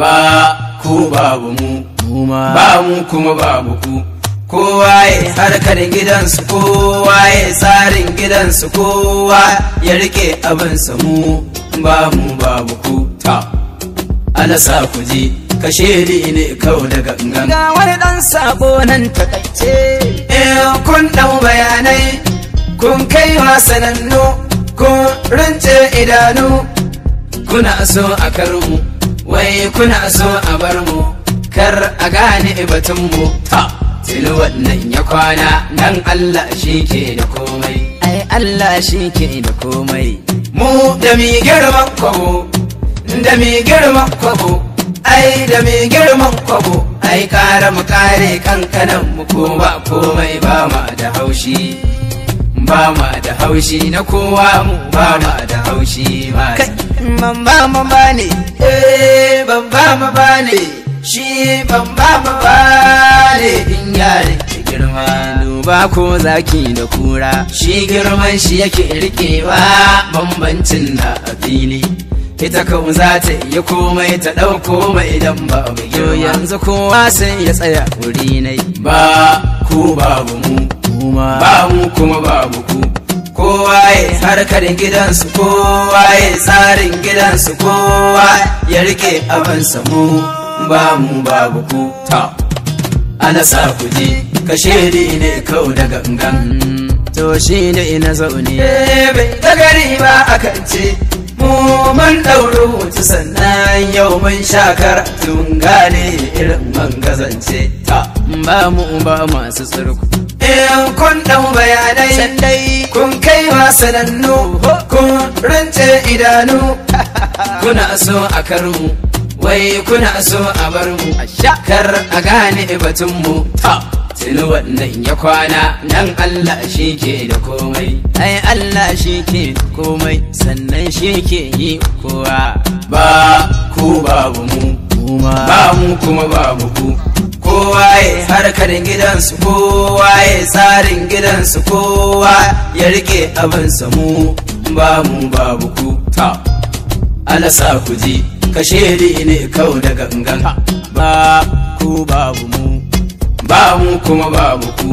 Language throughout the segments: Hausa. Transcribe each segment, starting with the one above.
ba ku babu mu ba mu kuma babu ku kowa ya harkar gidansu kowa ya tsarin gidansu kowa ya rike abin mu ba mu babu ku ta alasa ku ji kashe ni ne kawo daga gangan ga wani dan sabo nan kace eh kun dau bayanai kun kai wasanannu kun rince idanu kuna so a karu kuna so a bar mu kar a gane batun mu tilwar wannan ya kwana nan Allah shi ke da komai ai Allah shi ke da komai mu da mi girman kwabo da mi girman kwabo ai da mi girman kwabo ai kare mu kare kankanan mu ko ba komai ba ma da haushi ba ma da haushi na kowa mu ba ma da haushi ba kai man ba ne eh ban ba mu bane. shi ban ba mu bane in yare girma duba ko zaki da kura shi girman shi yake rikewa bambancin da a fili ita kan za ta iya komai ta ɗauko mai idan ba mu yanzu kowa sai ya tsaya wuri nai ba ku babu mu ba mu kuma babu ku kowaye harkar gidansu kowaye tsarin gidansu kowa ya rike abin samu ba mu babu ku ta ana sa kuji kashe ni ne kau da gangan to shi ne na zaune eh, bai ta gari ba akan ce mu man ɗauro wuce sannan yau mun sha Tun gane irin man gazance ta ba mu ba masu tsirku kun ɗau bayanai kun sanannu kun rance idanu kuna so a karmu wai kuna so a bar mu kar a gane batun mu tuni wannan ya kwana nan Allah shi ke da komai ai Allah shi ke komai sannan shi ke yi kowa ba ku babu mu ba mu kuma babu ku harkar gidansu kowa ya tsarin gidansu kowa ya rike abin samu ba mu babu ku ta alasa ku ji kashe ne kau da gangan ba ku babu mu ba mu kuma babu ku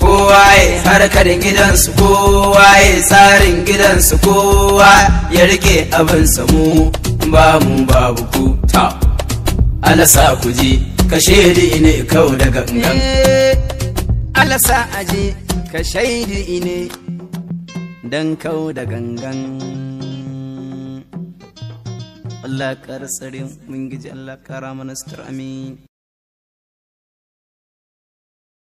kowa ya harkar gidansu kowa ya tsarin gidansu kowa ya rike abin samu ba mu babu ku ta alasa ku ji ka shaidi ine kau da gangan eh, alasa aje ka shaidi ine dan kau da gangan Allah ƙara tsare mun giji Allah ƙara mana amin